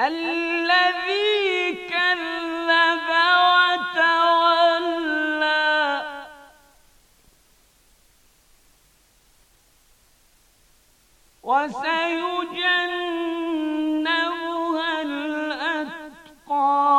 الذي كذب وتولى وسيجنبها الأتقى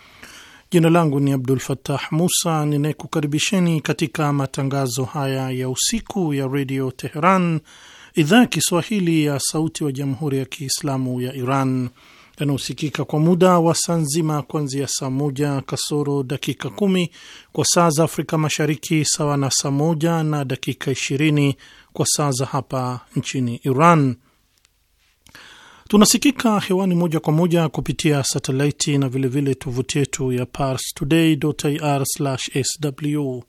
Jina langu ni Abdul fatah Musa ninayekukaribisheni katika matangazo haya ya usiku ya redio Teheran, idhaa ya Kiswahili ya sauti wa jamhuri ya Kiislamu ya Iran, yanayosikika kwa muda wa saa nzima kuanzia saa moja kasoro dakika kumi kwa saa za Afrika Mashariki, sawa na saa moja na dakika ishirini kwa saa za hapa nchini Iran Tunasikika hewani moja kwa moja kupitia satelaiti na vilevile tovuti yetu ya parstoday.ir/sw.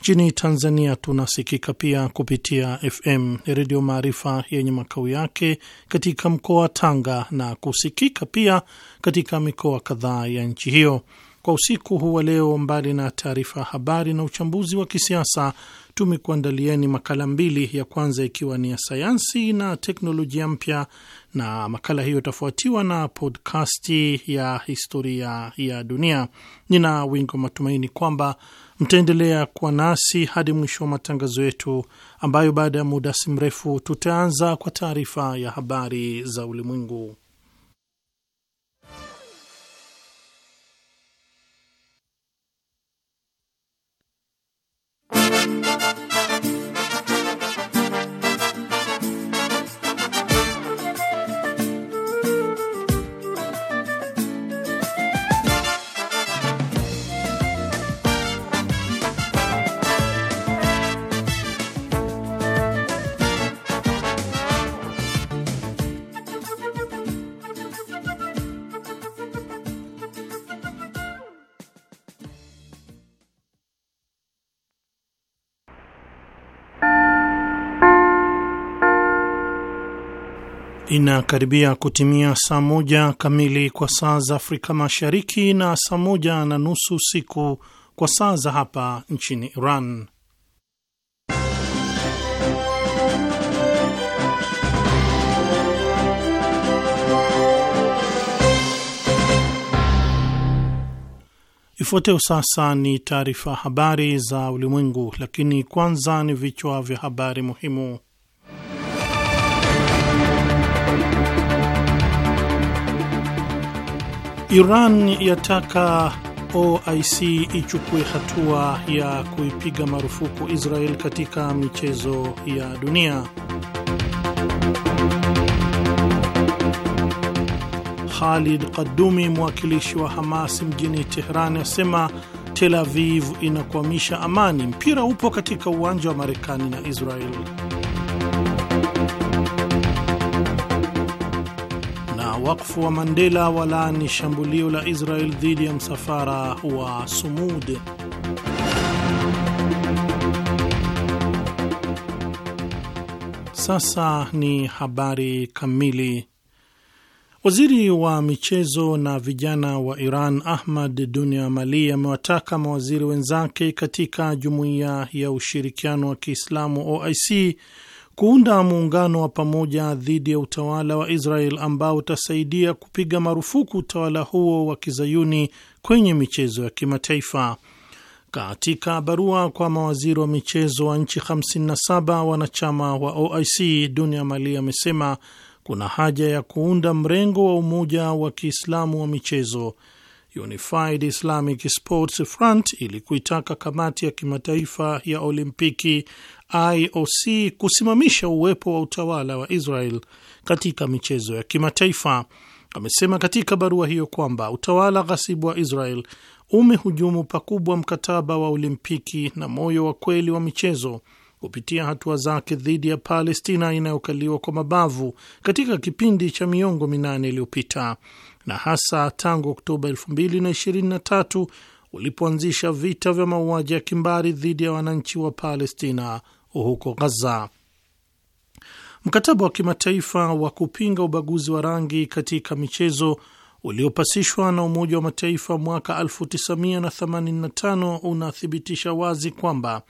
Nchini Tanzania tunasikika pia kupitia FM Redio Maarifa yenye makao yake katika mkoa wa Tanga na kusikika pia katika mikoa kadhaa ya nchi hiyo. Kwa usiku huu wa leo, mbali na taarifa ya habari na uchambuzi wa kisiasa, tumekuandalieni makala mbili, ya kwanza ikiwa ni ya sayansi na teknolojia mpya na makala hiyo itafuatiwa na podkasti ya historia ya dunia. Nina wingi wa matumaini kwamba mtaendelea kuwa nasi hadi mwisho wa matangazo yetu, ambayo baada ya muda si mrefu tutaanza kwa taarifa ya habari za ulimwengu. Inakaribia kutimia saa moja kamili kwa saa za Afrika Mashariki na saa moja na nusu siku kwa saa za hapa nchini Iran. Ifuateo sasa ni taarifa habari za ulimwengu, lakini kwanza ni vichwa vya habari muhimu. Iran yataka OIC ichukue hatua ya kuipiga marufuku Israel katika michezo ya dunia. Khalid Qadumi, mwakilishi wa Hamas mjini Tehran, asema Tel Aviv inakwamisha amani. Mpira upo katika uwanja wa Marekani na Israel. Wakfu wa Mandela walaani shambulio la Israel dhidi ya msafara wa Sumud. Sasa ni habari kamili. Waziri wa michezo na vijana wa Iran Ahmad Dunia Mali amewataka mawaziri wenzake katika Jumuiya ya Ushirikiano wa Kiislamu OIC kuunda muungano wa pamoja dhidi ya utawala wa Israel ambao utasaidia kupiga marufuku utawala huo wa kizayuni kwenye michezo ya kimataifa. Katika barua kwa mawaziri wa michezo wa nchi 57 wanachama wa OIC, Dunia Mali amesema kuna haja ya kuunda mrengo wa umoja wa Kiislamu wa michezo Unified Islamic Sports Front ili kuitaka kamati ya kimataifa ya Olimpiki IOC kusimamisha uwepo wa utawala wa Israel katika michezo ya kimataifa. Amesema katika barua hiyo kwamba utawala ghasibu wa Israel umehujumu pakubwa mkataba wa Olimpiki na moyo wa kweli wa michezo kupitia hatua zake dhidi ya Palestina inayokaliwa kwa mabavu katika kipindi cha miongo minane iliyopita na hasa tangu Oktoba 2023 ulipoanzisha vita vya mauaji ya kimbari dhidi ya wananchi wa Palestina huko Ghaza. Mkataba wa kimataifa wa kupinga ubaguzi wa rangi katika michezo uliopasishwa na Umoja wa Mataifa mwaka 1985 unathibitisha wazi kwamba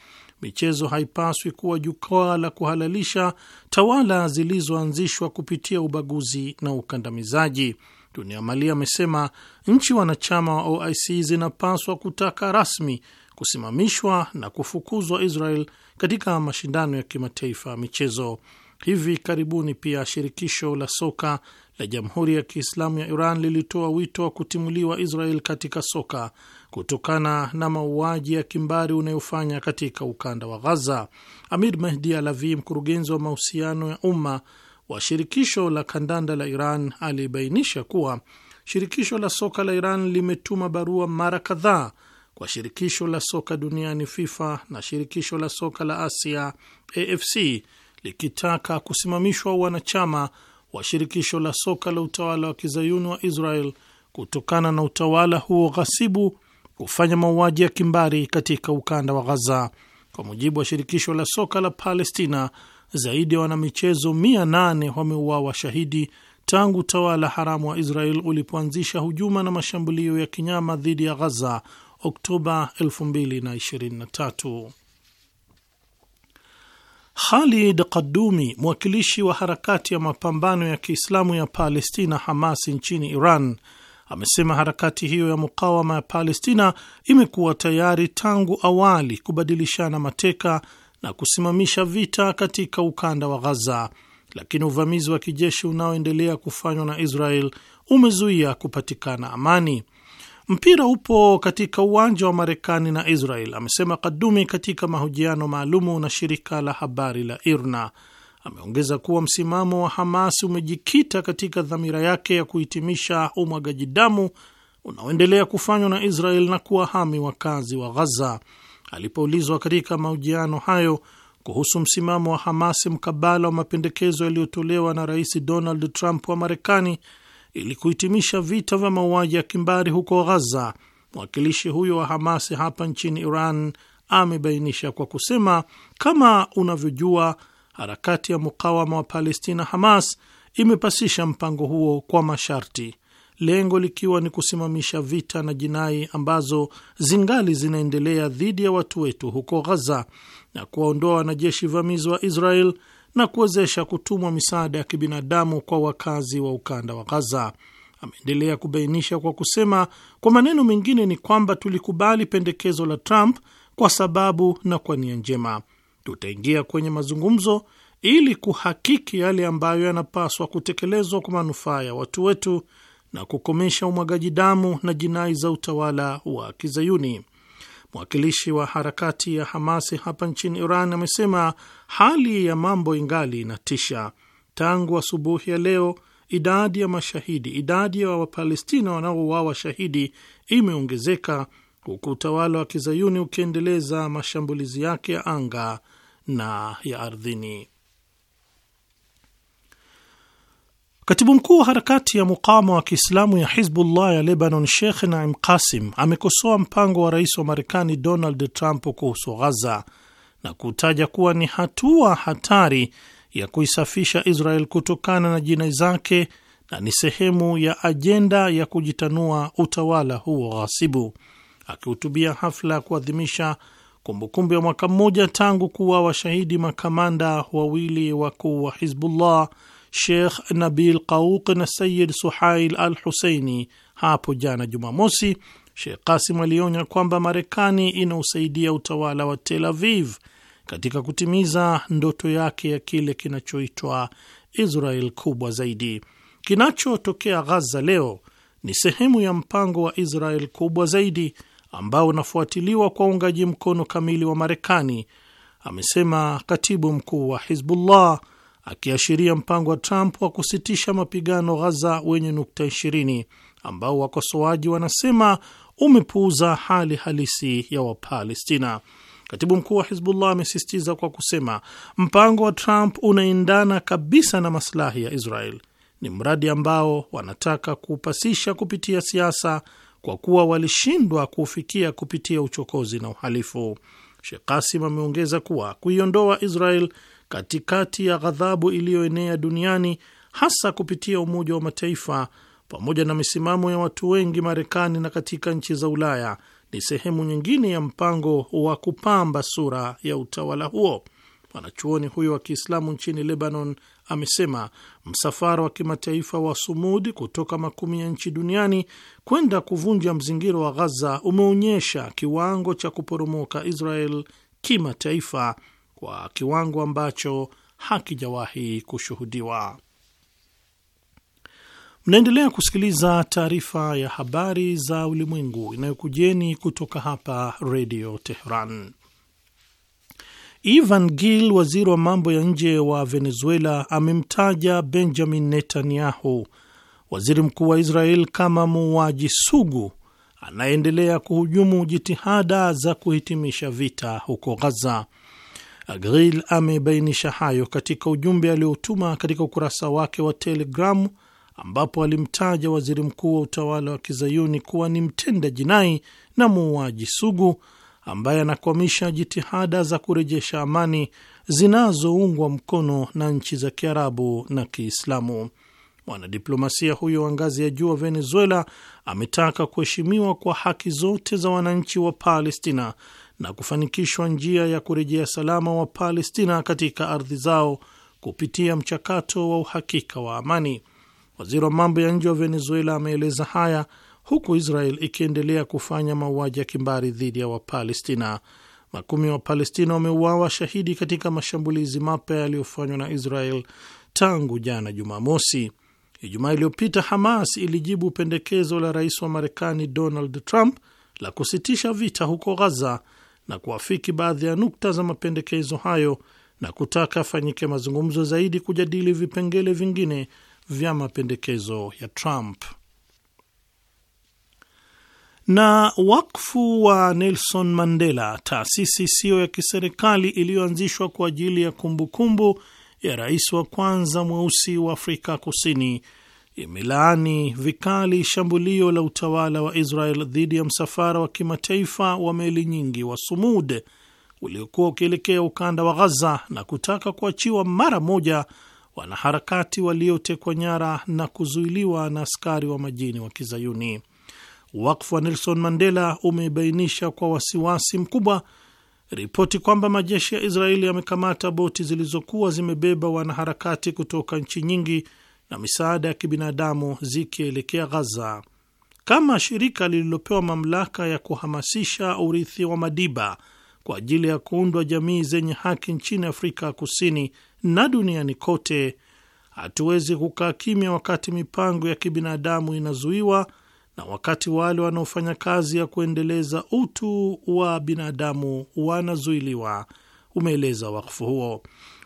michezo haipaswi kuwa jukwaa la kuhalalisha tawala zilizoanzishwa kupitia ubaguzi na ukandamizaji. Dunia Mali amesema nchi wanachama wa OIC zinapaswa kutaka rasmi kusimamishwa na kufukuzwa Israel katika mashindano ya kimataifa ya michezo. Hivi karibuni pia shirikisho la soka la Jamhuri ya Kiislamu ya Iran lilitoa wito wa kutimuliwa Israel katika soka kutokana na mauaji ya kimbari unayofanya katika ukanda wa Ghaza. Amir Mehdi Alavi, mkurugenzi wa mahusiano ya umma wa shirikisho la kandanda la Iran, alibainisha kuwa shirikisho la soka la Iran limetuma barua mara kadhaa kwa shirikisho la soka duniani FIFA na shirikisho la soka la Asia AFC likitaka kusimamishwa wanachama wa shirikisho la soka la utawala wa kizayuni wa Israel kutokana na utawala huo ghasibu kufanya mauaji ya kimbari katika ukanda wa Ghaza. Kwa mujibu wa shirikisho la soka la Palestina, zaidi ya wanamichezo 800 wameuawa shahidi tangu utawala haramu wa Israel ulipoanzisha hujuma na mashambulio ya kinyama dhidi ya Ghaza Oktoba 2023. Khalid Qadumi, mwakilishi wa harakati ya mapambano ya Kiislamu ya Palestina Hamas nchini Iran, amesema harakati hiyo ya mukawama ya Palestina imekuwa tayari tangu awali kubadilishana mateka na kusimamisha vita katika ukanda wa Ghaza, lakini uvamizi wa kijeshi unaoendelea kufanywa na Israel umezuia kupatikana amani. Mpira upo katika uwanja wa Marekani na Israel, amesema Kadumi katika mahojiano maalumu na shirika la habari la IRNA. Ameongeza kuwa msimamo wa Hamas umejikita katika dhamira yake ya kuhitimisha umwagaji damu unaoendelea kufanywa na Israel na kuwahami wakazi wa Ghaza. Alipoulizwa katika mahojiano hayo kuhusu msimamo wa Hamas mkabala wa mapendekezo yaliyotolewa na Rais Donald Trump wa Marekani, ili kuhitimisha vita vya mauaji ya kimbari huko Ghaza. Mwakilishi huyo wa Hamasi hapa nchini Iran amebainisha kwa kusema, kama unavyojua, harakati ya mukawama wa Palestina Hamas imepasisha mpango huo kwa masharti, lengo likiwa ni kusimamisha vita na jinai ambazo zingali zinaendelea dhidi ya watu wetu huko Ghaza na kuwaondoa wanajeshi vamizi wa Israel na kuwezesha kutumwa misaada ya kibinadamu kwa wakazi wa ukanda wa Ghaza. Ameendelea kubainisha kwa kusema, kwa maneno mengine ni kwamba tulikubali pendekezo la Trump kwa sababu na kwa nia njema. Tutaingia kwenye mazungumzo ili kuhakiki yale ambayo yanapaswa kutekelezwa kwa manufaa ya watu wetu na kukomesha umwagaji damu na jinai za utawala wa Kizayuni. Mwakilishi wa harakati ya Hamasi hapa nchini Iran amesema hali ya mambo ingali inatisha. Tangu asubuhi ya leo, idadi ya mashahidi, idadi ya Wapalestina wanaouawa shahidi imeongezeka huku utawala wa kizayuni ukiendeleza mashambulizi yake ya anga na ya ardhini. Katibu mkuu wa harakati ya mukawama wa Kiislamu ya Hizbullah ya Lebanon, Sheikh Naim Kasim amekosoa mpango wa rais wa Marekani Donald Trump kuhusu Ghaza na kutaja kuwa ni hatua hatari ya kuisafisha Israel kutokana na jinai zake na ni sehemu ya ajenda ya kujitanua utawala huo ghasibu. Akihutubia hafla ya kuadhimisha kumbukumbu ya mwaka mmoja tangu kuwa washahidi makamanda wawili wakuu wa Hizbullah Sheikh Nabil Qauq na Sayid Suhail Al Huseini hapo jana Jumamosi, Sheikh Kasim alionya kwamba Marekani inausaidia utawala wa Tel Aviv katika kutimiza ndoto yake ya kile kinachoitwa Israel kubwa zaidi. Kinachotokea Ghaza leo ni sehemu ya mpango wa Israel kubwa zaidi ambao unafuatiliwa kwa uungaji mkono kamili wa Marekani, amesema katibu mkuu wa Hizbullah akiashiria mpango wa Trump wa kusitisha mapigano Ghaza wenye nukta 20 ambao wakosoaji wanasema umepuuza hali halisi ya Wapalestina. Katibu mkuu wa Hizbullah amesisitiza kwa kusema mpango wa Trump unaendana kabisa na maslahi ya Israel. Ni mradi ambao wanataka kuupasisha kupitia siasa, kwa kuwa walishindwa kuufikia kupitia uchokozi na uhalifu. Sheikh Kasim ameongeza kuwa kuiondoa Israel katikati ya ghadhabu iliyoenea duniani hasa kupitia Umoja wa Mataifa pamoja na misimamo ya watu wengi Marekani na katika nchi za Ulaya ni sehemu nyingine ya mpango wa kupamba sura ya utawala huo. Mwanachuoni huyo wa Kiislamu nchini Lebanon amesema msafara wa kimataifa wa Sumud kutoka makumi ya nchi duniani kwenda kuvunja mzingiro wa Ghaza umeonyesha kiwango cha kuporomoka Israel kimataifa kwa kiwango ambacho hakijawahi kushuhudiwa. Mnaendelea kusikiliza taarifa ya habari za ulimwengu inayokujeni kutoka hapa Redio Teheran. Ivan Gil, waziri wa mambo ya nje wa Venezuela, amemtaja Benjamin Netanyahu, waziri mkuu wa Israel, kama muuaji sugu anayeendelea kuhujumu jitihada za kuhitimisha vita huko Ghaza. Agril amebainisha hayo katika ujumbe aliotuma katika ukurasa wake wa Telegramu, ambapo alimtaja waziri mkuu wa utawala wa kizayuni kuwa ni mtenda jinai na muuaji sugu ambaye anakwamisha jitihada za kurejesha amani zinazoungwa mkono na nchi za kiarabu na Kiislamu. Mwanadiplomasia huyo wa ngazi ya juu wa Venezuela ametaka kuheshimiwa kwa haki zote za wananchi wa Palestina na kufanikishwa njia ya kurejea salama wa Palestina katika ardhi zao kupitia mchakato wa uhakika wa amani. Waziri wa mambo ya nje wa Venezuela ameeleza haya huku Israel ikiendelea kufanya mauaji ya kimbari dhidi ya Wapalestina. Makumi ya Wapalestina wameuawa shahidi katika mashambulizi mapya yaliyofanywa na Israel tangu jana Jumamosi. Ijumaa iliyopita Hamas ilijibu pendekezo la rais wa Marekani Donald Trump la kusitisha vita huko Ghaza na kuafiki baadhi ya nukta za mapendekezo hayo na kutaka afanyike mazungumzo zaidi kujadili vipengele vingine vya mapendekezo ya Trump. Na wakfu wa Nelson Mandela, taasisi isiyo ya kiserikali iliyoanzishwa kwa ajili ya kumbukumbu ya rais wa kwanza mweusi wa Afrika Kusini imelaani vikali shambulio la utawala wa Israel dhidi ya msafara wa kimataifa wa meli nyingi wa Sumud uliokuwa ukielekea ukanda wa Ghaza na kutaka kuachiwa mara moja wanaharakati waliotekwa nyara na kuzuiliwa na askari wa majini wa Kizayuni. Wakfu wa Nelson Mandela umebainisha kwa wasiwasi mkubwa ripoti kwamba majeshi ya Israeli yamekamata boti zilizokuwa zimebeba wanaharakati kutoka nchi nyingi na misaada ya kibinadamu zikielekea Ghaza. Kama shirika lililopewa mamlaka ya kuhamasisha urithi wa Madiba kwa ajili ya kuundwa jamii zenye haki nchini Afrika Kusini na duniani kote, hatuwezi kukaa kimya wakati mipango ya kibinadamu inazuiwa na wakati wale wanaofanya kazi ya kuendeleza utu wa binadamu wanazuiliwa, umeeleza wakfu huo.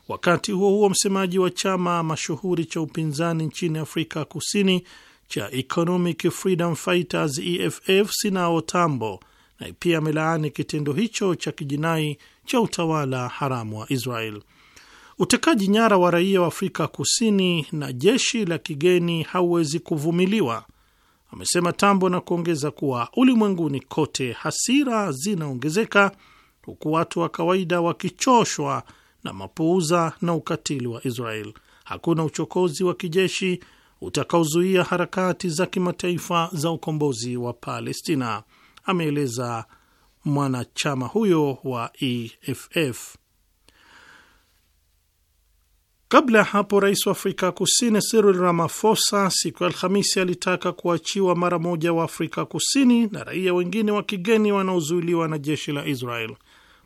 Wakati huo huo, msemaji wa chama mashuhuri cha upinzani nchini Afrika Kusini cha Economic Freedom Fighters EFF Sinao Tambo naye pia amelaani kitendo hicho cha kijinai cha utawala haramu wa Israel. Utekaji nyara wa raia wa Afrika Kusini na jeshi la kigeni hauwezi kuvumiliwa, amesema Tambo na kuongeza kuwa ulimwenguni kote hasira zinaongezeka huku watu wa kawaida wakichoshwa na mapuuza na ukatili wa Israel. Hakuna uchokozi wa kijeshi utakaozuia harakati za kimataifa za ukombozi wa Palestina, ameeleza mwanachama huyo wa EFF. Kabla ya hapo, rais wa Afrika Kusini Cyril Ramaphosa siku ya Alhamisi alitaka kuachiwa mara moja wa Afrika Kusini na raia wengine wa kigeni wanaozuiliwa na jeshi la Israel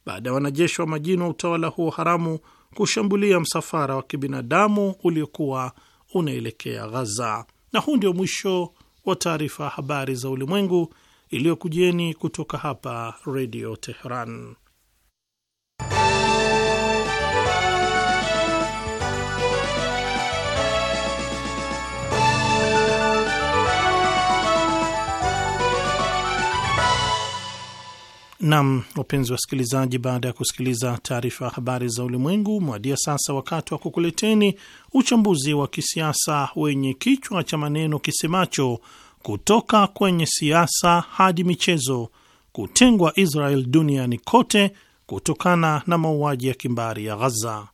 baada ya wanajeshi wa majini wa utawala huo haramu kushambulia msafara wa kibinadamu uliokuwa unaelekea Ghaza. Na huu ndio mwisho wa taarifa habari za ulimwengu iliyokujieni kutoka hapa Redio Teheran. Nam, wapenzi wasikilizaji, baada ya kusikiliza taarifa ya habari za ulimwengu, mwadia sasa wakati wa kukuleteni uchambuzi wa kisiasa wenye kichwa cha maneno kisemacho kutoka kwenye siasa hadi michezo, kutengwa Israel duniani kote kutokana na mauaji ya kimbari ya Ghaza.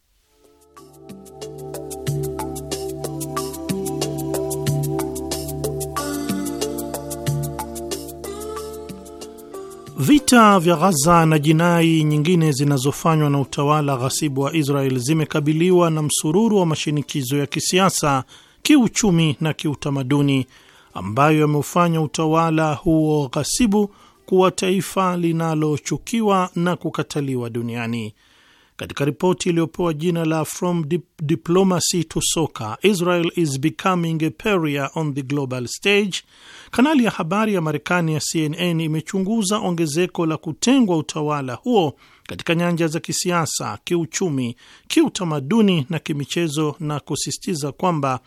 Vita vya Ghaza na jinai nyingine zinazofanywa na utawala ghasibu wa Israel zimekabiliwa na msururu wa mashinikizo ya kisiasa, kiuchumi na kiutamaduni ambayo yameufanya utawala huo ghasibu kuwa taifa linalochukiwa na kukataliwa duniani katika ripoti iliyopewa jina la From Dip Diplomacy to Soccer, Israel is becoming a Pariah on the Global Stage, kanali ya habari ya Marekani ya CNN imechunguza ongezeko la kutengwa utawala huo katika nyanja za kisiasa, kiuchumi, kiutamaduni na kimichezo na kusisitiza kwamba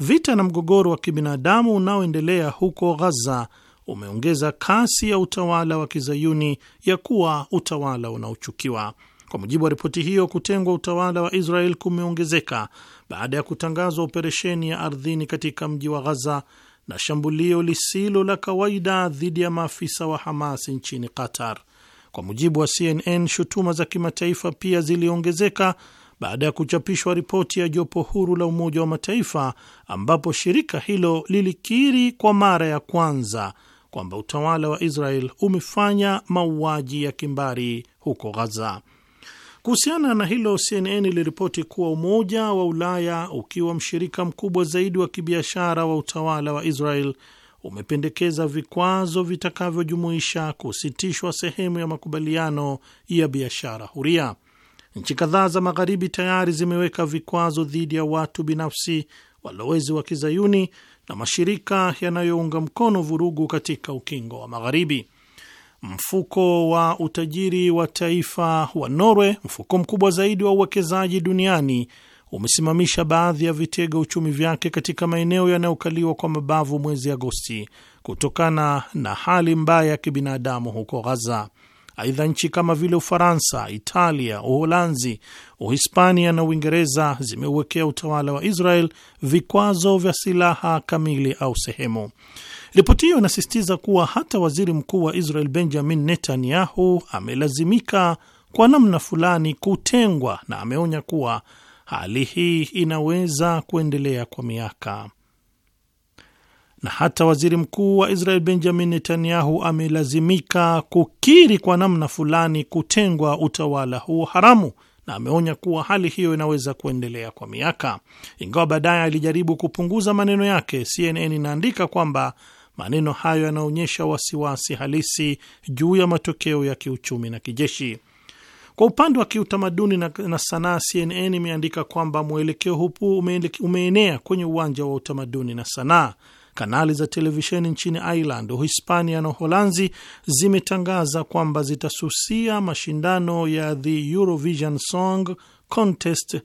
vita na mgogoro wa kibinadamu unaoendelea huko ghaza umeongeza kasi ya utawala wa kizayuni ya kuwa utawala unaochukiwa. Kwa mujibu wa ripoti hiyo, kutengwa utawala wa Israel kumeongezeka baada ya kutangazwa operesheni ya ardhini katika mji wa Ghaza na shambulio lisilo la kawaida dhidi ya maafisa wa Hamas nchini Qatar. Kwa mujibu wa CNN, shutuma za kimataifa pia ziliongezeka baada ya kuchapishwa ripoti ya jopo huru la Umoja wa Mataifa ambapo shirika hilo lilikiri kwa mara ya kwanza kwamba utawala wa Israel umefanya mauaji ya kimbari huko Ghaza. Kuhusiana na hilo, CNN iliripoti kuwa Umoja wa Ulaya ukiwa mshirika mkubwa zaidi wa kibiashara wa utawala wa Israel umependekeza vikwazo vitakavyojumuisha kusitishwa sehemu ya makubaliano ya biashara huria. Nchi kadhaa za Magharibi tayari zimeweka vikwazo dhidi ya watu binafsi, walowezi wa kizayuni na mashirika yanayounga mkono vurugu katika ukingo wa Magharibi. Mfuko wa utajiri wa taifa wa Norwe, mfuko mkubwa zaidi wa uwekezaji duniani, umesimamisha baadhi ya vitega uchumi vyake katika maeneo yanayokaliwa kwa mabavu mwezi Agosti kutokana na hali mbaya ya kibinadamu huko Ghaza. Aidha, nchi kama vile Ufaransa, Italia, Uholanzi, Uhispania na Uingereza zimeuwekea utawala wa Israel vikwazo vya silaha kamili au sehemu. Ripoti hiyo inasisitiza kuwa hata waziri mkuu wa Israel Benjamin Netanyahu amelazimika kwa namna fulani kutengwa, na ameonya kuwa hali hii inaweza kuendelea kwa miaka. Na hata waziri mkuu wa Israel Benjamin Netanyahu amelazimika kukiri kwa namna fulani kutengwa utawala huo haramu na ameonya kuwa hali hiyo inaweza kuendelea kwa miaka, ingawa baadaye alijaribu kupunguza maneno yake. CNN inaandika kwamba Maneno hayo yanaonyesha wasiwasi halisi juu ya matokeo ya kiuchumi na kijeshi. Kwa upande wa kiutamaduni na, na sanaa, CNN imeandika kwamba mwelekeo hupu umeenea kwenye uwanja wa utamaduni na sanaa. Kanali za televisheni nchini Ireland, Uhispania na Uholanzi zimetangaza kwamba zitasusia mashindano ya the Eurovision Song Contest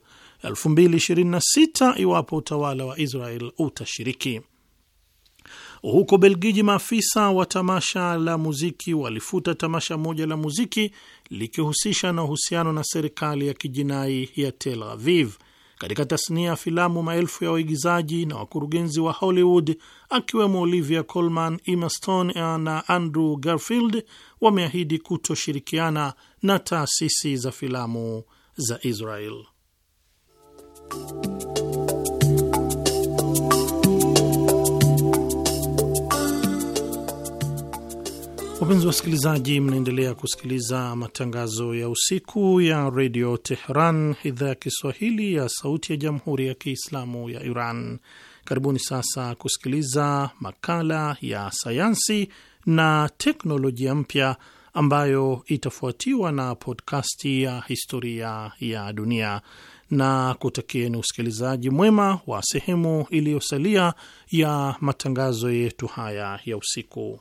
2026 iwapo utawala wa Israel utashiriki. Huko Belgiji, maafisa wa tamasha la muziki walifuta tamasha moja la muziki likihusisha na uhusiano na serikali ya kijinai ya Tel Aviv. Katika tasnia ya filamu, maelfu ya waigizaji na wakurugenzi wa Hollywood akiwemo Olivia Colman, Emma Stone eh, na Andrew Garfield wameahidi kutoshirikiana na taasisi za filamu za Israel. Wapenzi wasikilizaji, mnaendelea kusikiliza matangazo ya usiku ya redio Tehran, idhaa ya Kiswahili ya sauti ya jamhuri ya Kiislamu ya Iran. Karibuni sasa kusikiliza makala ya sayansi na teknolojia mpya ambayo itafuatiwa na podkasti ya historia ya dunia na kutakieni usikilizaji mwema wa sehemu iliyosalia ya matangazo yetu haya ya usiku.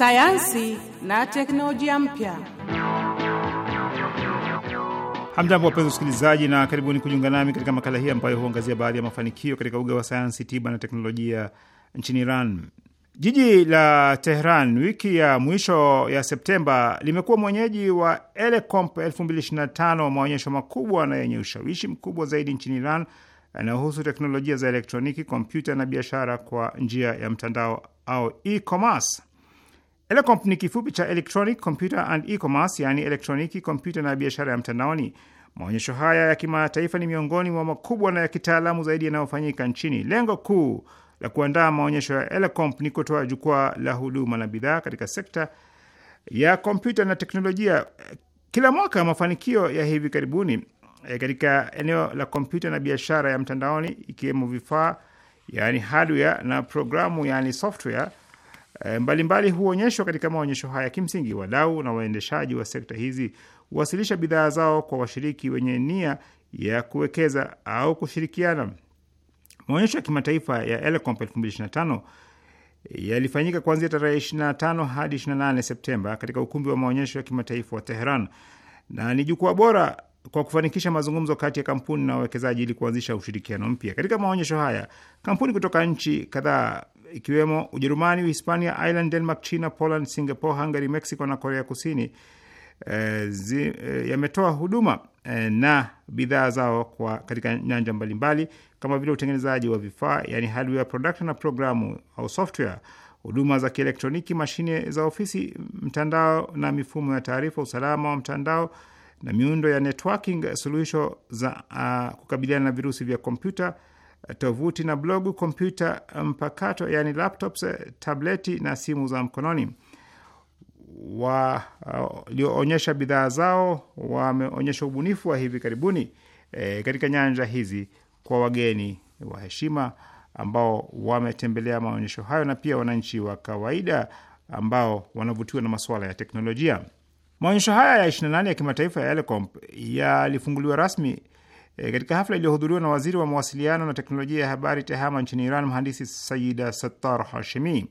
sayansi na teknolojia mpya. Hamjambo wapenzi usikilizaji, na karibuni kujiunga nami katika makala hii ambayo huangazia baadhi ya mafanikio katika uga wa sayansi, tiba na teknolojia nchini Iran. Jiji la Tehran wiki ya mwisho ya Septemba limekuwa mwenyeji wa Elecomp 2025, maonyesho makubwa na yenye ushawishi mkubwa zaidi nchini Iran yanayohusu teknolojia za elektroniki, kompyuta na biashara kwa njia ya mtandao au e-commerce. ELECOMP ni kifupi cha Electronic Computer and E-commerce, yani elektroniki, kompyuta na biashara ya mtandaoni. Maonyesho haya ya kimataifa ni miongoni mwa makubwa na ya kitaalamu zaidi yanayofanyika nchini. Lengo kuu la kuandaa maonyesho ya ELECOMP ni kutoa jukwaa la huduma na bidhaa katika sekta ya kompyuta na teknolojia. Kila mwaka mafanikio ya hivi karibuni e, katika eneo la kompyuta na biashara ya mtandaoni ikiwemo vifaa yani hardware na programu yani software Eh, mbalimbali huonyeshwa katika maonyesho haya. Kimsingi, wadau na waendeshaji wa sekta hizi huwasilisha bidhaa zao kwa washiriki wenye nia ya kuwekeza au kushirikiana. Maonyesho ya kimataifa ya Elecomp 2025 eh, yalifanyika kuanzia tarehe 25 hadi 28 Septemba katika ukumbi wa maonyesho ya kimataifa wa Teheran na ni jukwaa bora kwa kufanikisha mazungumzo kati ya kampuni na wawekezaji ili kuanzisha ushirikiano mpya. Katika maonyesho haya, kampuni kutoka nchi kadhaa ikiwemo Ujerumani, Hispania, Ireland, Denmark, China, Poland, Singapore, Hungary, Mexico na Korea Kusini e, e, yametoa huduma e, na bidhaa zao kwa katika nyanja mbalimbali kama vile utengenezaji wa vifaa yani hardware production na programu au software, huduma za kielektroniki, mashine za ofisi, mtandao na mifumo ya taarifa, usalama wa mtandao na miundo ya networking, suluhisho za uh, kukabiliana na virusi vya kompyuta tovuti na blogu, kompyuta eh, mpakato yani laptops, eh, tableti na simu za mkononi. Eh, walioonyesha uh, bidhaa zao wameonyesha ubunifu wa hivi karibuni e, katika nyanja hizi kwa wageni wa heshima ambao wametembelea maonyesho hayo na pia wananchi wa kawaida ambao wanavutiwa na masuala ya teknolojia. Maonyesho haya ya 28 ya kimataifa ya yalifunguliwa rasmi E, katika hafla iliyohudhuriwa na waziri wa mawasiliano na teknolojia ya habari TEHAMA nchini Iran, mhandisi Sayida Sattar Hashimi.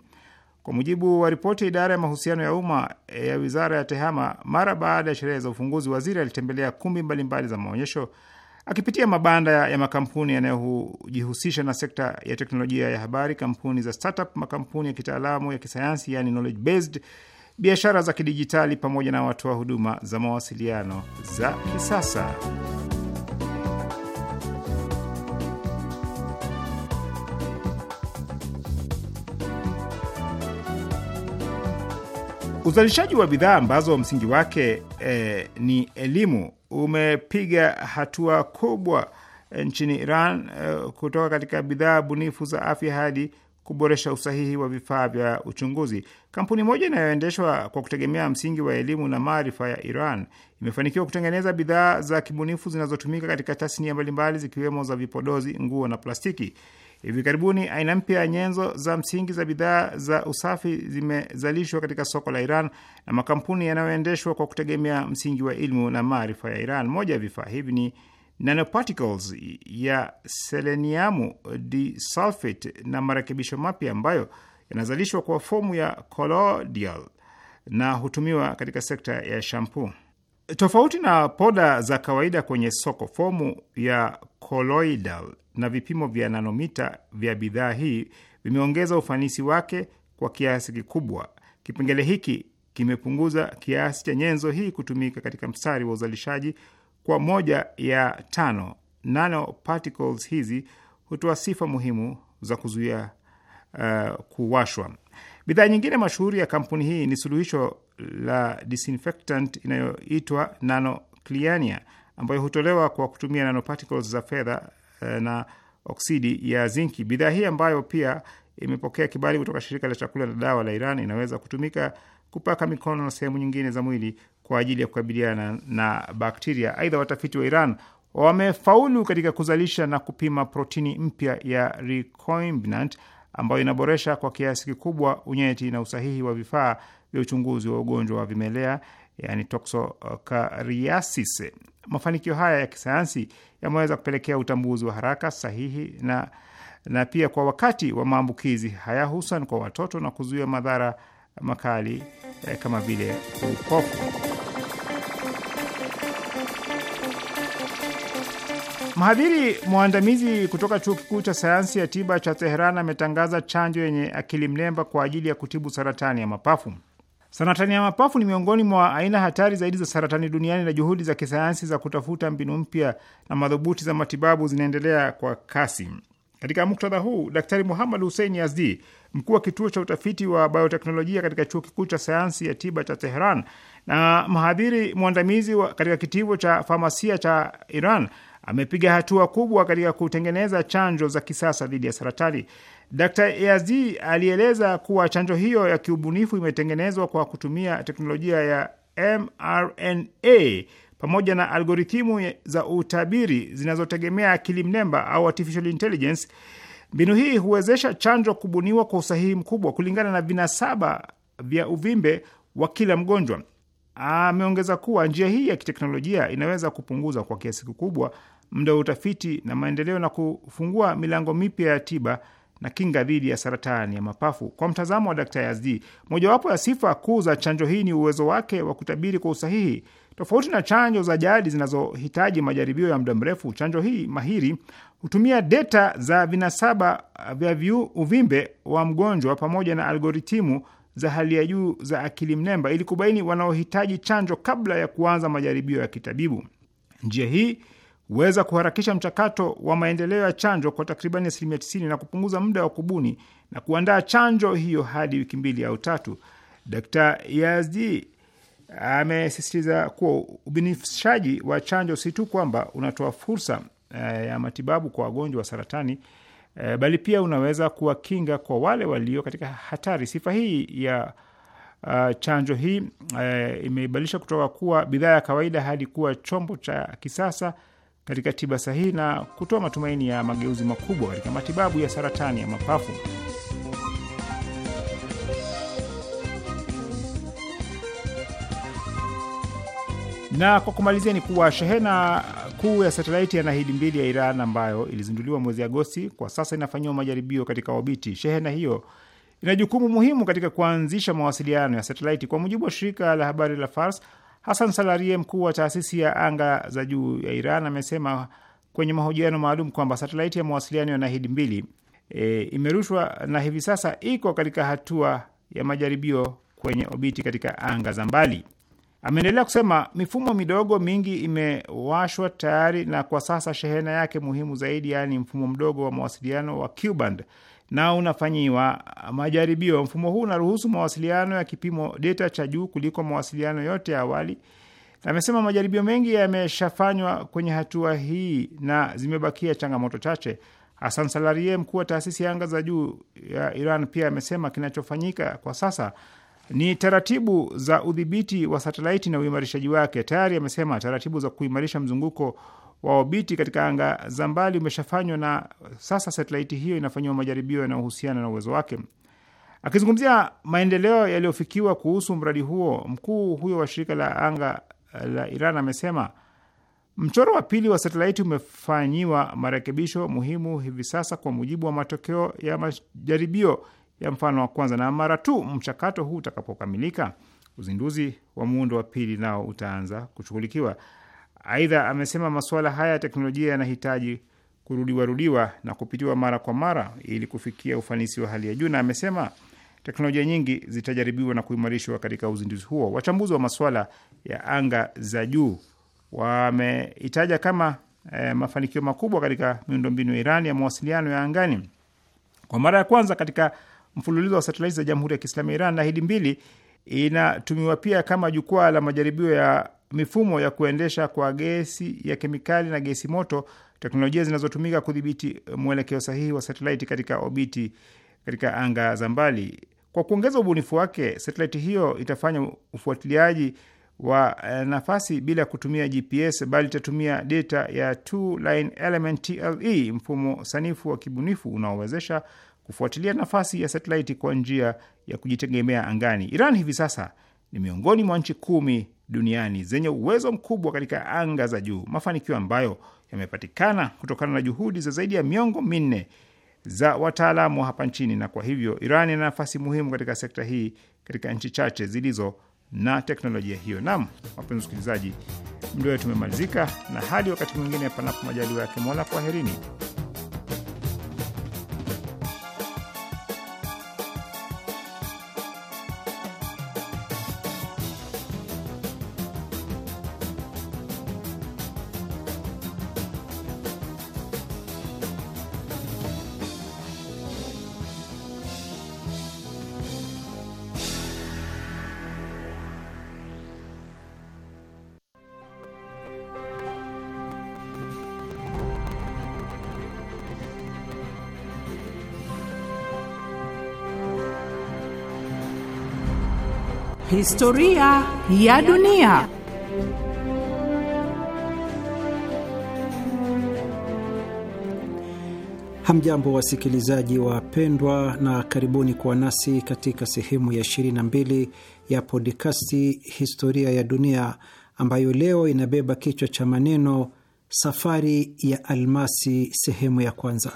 Kwa mujibu wa ripoti ya idara ya mahusiano ya umma e, ya wizara ya TEHAMA, mara baada ya sherehe za ufunguzi, waziri alitembelea kumbi mbalimbali za maonyesho akipitia mabanda ya makampuni yanayojihusisha na sekta ya teknolojia ya habari, kampuni za startup, makampuni ya kitaalamu ya kisayansi, yani knowledge based, biashara za kidijitali pamoja na watoa huduma za mawasiliano za kisasa. Uzalishaji wa bidhaa ambazo msingi wake eh, ni elimu umepiga hatua kubwa eh, nchini Iran eh, kutoka katika bidhaa bunifu za afya hadi kuboresha usahihi wa vifaa vya uchunguzi. Kampuni moja inayoendeshwa kwa kutegemea msingi wa elimu na maarifa ya Iran imefanikiwa kutengeneza bidhaa za kibunifu zinazotumika katika tasnia mbalimbali zikiwemo za vipodozi, nguo na plastiki. Hivi karibuni aina mpya ya nyenzo za msingi za bidhaa za usafi zimezalishwa katika soko la Iran na makampuni yanayoendeshwa kwa kutegemea msingi wa ilmu na maarifa ya Iran. Moja ya vifaa hivi ni nanoparticles ya seleniamu disulfate na marekebisho mapya ambayo yanazalishwa kwa fomu ya colloidal na hutumiwa katika sekta ya shampoo. Tofauti na poda za kawaida kwenye soko, fomu ya colloidal na vipimo vya nanomita vya bidhaa hii vimeongeza ufanisi wake kwa kiasi kikubwa. Kipengele hiki kimepunguza kiasi cha nyenzo hii kutumika katika mstari wa uzalishaji kwa moja ya tano. Nanoparticles hizi hutoa sifa muhimu za kuzuia uh, kuwashwa. Bidhaa nyingine mashuhuri ya kampuni hii ni suluhisho la disinfectant inayoitwa Nanocliania ambayo hutolewa kwa kutumia nanoparticles za fedha Eh, na oksidi ya zinki. Bidhaa hii ambayo pia imepokea kibali kutoka shirika la chakula na dawa la Iran inaweza kutumika kupaka mikono na sehemu nyingine za mwili kwa ajili ya kukabiliana na, bakteria. Aidha, watafiti wa Iran wamefaulu katika kuzalisha na kupima protini mpya ya recombinant ambayo inaboresha kwa kiasi kikubwa unyeti na usahihi wa vifaa vya uchunguzi wa ugonjwa wa vimelea, yani toxocariasis. Mafanikio haya ya kisayansi yameweza kupelekea utambuzi wa haraka, sahihi na na pia kwa wakati wa maambukizi haya, hususan kwa watoto na kuzuia madhara makali eh, kama vile upofu. Mhadhiri mwandamizi kutoka chuo kikuu cha sayansi ya tiba cha Teheran ametangaza chanjo yenye akili mnemba kwa ajili ya kutibu saratani ya mapafu. Saratani ya mapafu ni miongoni mwa aina hatari zaidi za saratani duniani na juhudi za kisayansi za kutafuta mbinu mpya na madhubuti za matibabu zinaendelea kwa kasi. Katika muktadha huu, Daktari Muhammad Hussein Yazdi, mkuu wa kituo cha utafiti wa bioteknolojia katika chuo kikuu cha sayansi ya tiba cha Tehran na mhadhiri mwandamizi katika kitivo cha famasia cha Iran, amepiga hatua kubwa katika kutengeneza chanjo za kisasa dhidi ya saratani. Dr. Yazdi alieleza kuwa chanjo hiyo ya kiubunifu imetengenezwa kwa kutumia teknolojia ya mRNA pamoja na algorithimu za utabiri zinazotegemea akili mnemba au artificial intelligence. Mbinu hii huwezesha chanjo kubuniwa kwa usahihi mkubwa kulingana na vinasaba vya uvimbe wa kila mgonjwa. Ameongeza kuwa njia hii ya kiteknolojia inaweza kupunguza kwa kiasi kikubwa muda wa utafiti na maendeleo na kufungua milango mipya ya tiba na kinga dhidi ya saratani ya mapafu. Kwa mtazamo wa Daktari Yazdi, mojawapo ya sifa kuu za chanjo hii ni uwezo wake wa kutabiri kwa usahihi. Tofauti na chanjo za jadi zinazohitaji majaribio ya muda mrefu, chanjo hii mahiri hutumia deta za vinasaba vya uvimbe wa mgonjwa pamoja na algoritimu za hali ya juu za akili mnemba ili kubaini wanaohitaji chanjo kabla ya kuanza majaribio ya kitabibu. Njia hii huweza kuharakisha mchakato wa maendeleo ya chanjo kwa takribani asilimia tisini na kupunguza muda wa kubuni na kuandaa chanjo hiyo hadi wiki mbili au tatu. Dr Yazdi amesisitiza kuwa ubinafsishaji wa chanjo si tu kwamba unatoa fursa eh, ya matibabu kwa wagonjwa wa saratani eh, bali pia unaweza kuwakinga kwa wale walio katika hatari. Sifa hii ya Uh, chanjo hii uh, imeibadilisha kutoka kuwa bidhaa ya kawaida hadi kuwa chombo cha kisasa katika tiba sahihi na kutoa matumaini ya mageuzi makubwa katika matibabu ya saratani ya mapafu. Na kwa kumalizia ni kuwa shehena kuu ya satelaiti ya Nahidi mbili ya Iran ambayo ilizinduliwa mwezi Agosti kwa sasa inafanyiwa majaribio katika obiti. Shehena hiyo ina jukumu muhimu katika kuanzisha mawasiliano ya satelaiti. Kwa mujibu wa shirika la habari la Fars, Hasan Salarie, mkuu wa taasisi ya anga za juu ya Iran, amesema kwenye mahojiano maalum kwamba satelaiti ya mawasiliano ya Nahidi mbili e, imerushwa na hivi sasa iko katika hatua ya majaribio kwenye obiti katika anga za mbali. Ameendelea kusema mifumo midogo mingi imewashwa tayari, na kwa sasa shehena yake muhimu zaidi, yaani mfumo mdogo wa mawasiliano wa Q-band na unafanyiwa majaribio. Mfumo huu unaruhusu mawasiliano ya kipimo deta cha juu kuliko mawasiliano yote ya awali. Amesema majaribio mengi yameshafanywa kwenye hatua hii na zimebakia changamoto chache. Hasan Salarie, mkuu wa taasisi ya anga za juu ya Iran, pia amesema kinachofanyika kwa sasa ni taratibu za udhibiti wa satelaiti na uimarishaji wake. Tayari amesema taratibu za kuimarisha mzunguko waobiti katika anga za mbali umeshafanywa na sasa satelaiti hiyo inafanyiwa majaribio yanayohusiana na uwezo wake. Akizungumzia maendeleo yaliyofikiwa kuhusu mradi huo, mkuu huyo wa shirika la anga la Iran amesema mchoro wa pili wa satelaiti umefanyiwa marekebisho muhimu hivi sasa kwa mujibu wa matokeo ya majaribio ya mfano wa kwanza, na mara tu mchakato huu utakapokamilika, uzinduzi wa muundo wa pili nao utaanza kushughulikiwa. Aidha, amesema masuala haya ya teknolojia yanahitaji kurudiwarudiwa na kupitiwa mara kwa mara ili kufikia ufanisi wa hali ya juu, na amesema teknolojia nyingi zitajaribiwa na kuimarishwa katika uzinduzi huo. Wachambuzi wa masuala ya anga za juu wameitaja kama e, mafanikio makubwa katika miundombinu ya Iran ya mawasiliano ya angani. Kwa mara ya kwanza katika mfululizo wa satelaiti za Jamhuri ya Kiislamu ya Iran, na hili mbili inatumiwa pia kama jukwaa la majaribio ya mifumo ya kuendesha kwa gesi ya kemikali na gesi moto, teknolojia zinazotumika kudhibiti mwelekeo sahihi wa satelaiti katika obiti katika anga za mbali. Kwa kuongeza ubunifu wake, satelaiti hiyo itafanya ufuatiliaji wa eh, nafasi bila kutumia GPS bali itatumia data ya two line element TLE, mfumo sanifu wa kibunifu unaowezesha kufuatilia nafasi ya satelaiti kwa njia ya kujitegemea angani. Iran hivi sasa ni miongoni mwa nchi kumi duniani zenye uwezo mkubwa katika anga za juu, mafanikio ambayo yamepatikana kutokana na juhudi za zaidi ya miongo minne za wataalamu hapa nchini, na kwa hivyo Iran ina nafasi muhimu katika sekta hii katika nchi chache zilizo na teknolojia hiyo. Nam, wapenzi wasikilizaji, mdo wetu umemalizika, na hadi wakati mwingine, panapo majaliwa yake Mola, kwaherini. Historia ya dunia. Hamjambo wasikilizaji wapendwa, na karibuni kuwa nasi katika sehemu ya 22 ya podkasti Historia ya Dunia, ambayo leo inabeba kichwa cha maneno Safari ya Almasi, sehemu ya kwanza.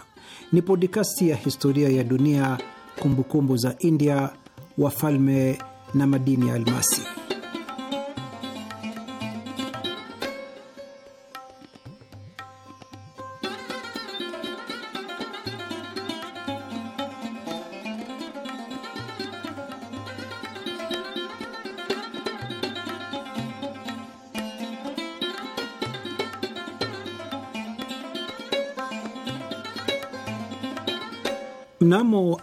Ni podkasti ya historia ya dunia, kumbukumbu kumbu za India, wafalme na madini ya almasi.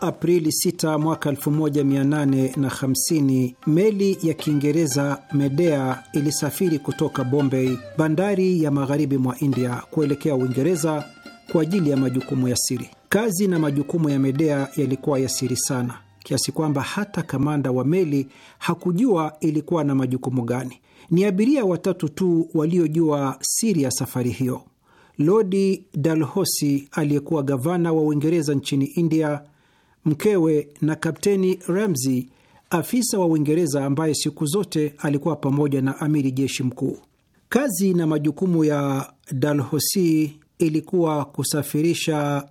Aprili 6 mwaka 1850 meli ya Kiingereza Medea ilisafiri kutoka Bombay, bandari ya magharibi mwa India, kuelekea Uingereza kwa ajili ya majukumu ya siri. Kazi na majukumu ya Medea yalikuwa ya siri sana kiasi kwamba hata kamanda wa meli hakujua ilikuwa na majukumu gani. Ni abiria watatu tu waliojua siri ya safari hiyo: Lodi Dalhosi aliyekuwa gavana wa Uingereza nchini India, mkewe na Kapteni Ramsey, afisa wa Uingereza ambaye siku zote alikuwa pamoja na amiri jeshi mkuu. Kazi na majukumu ya Dalhosi ilikuwa kusafirisha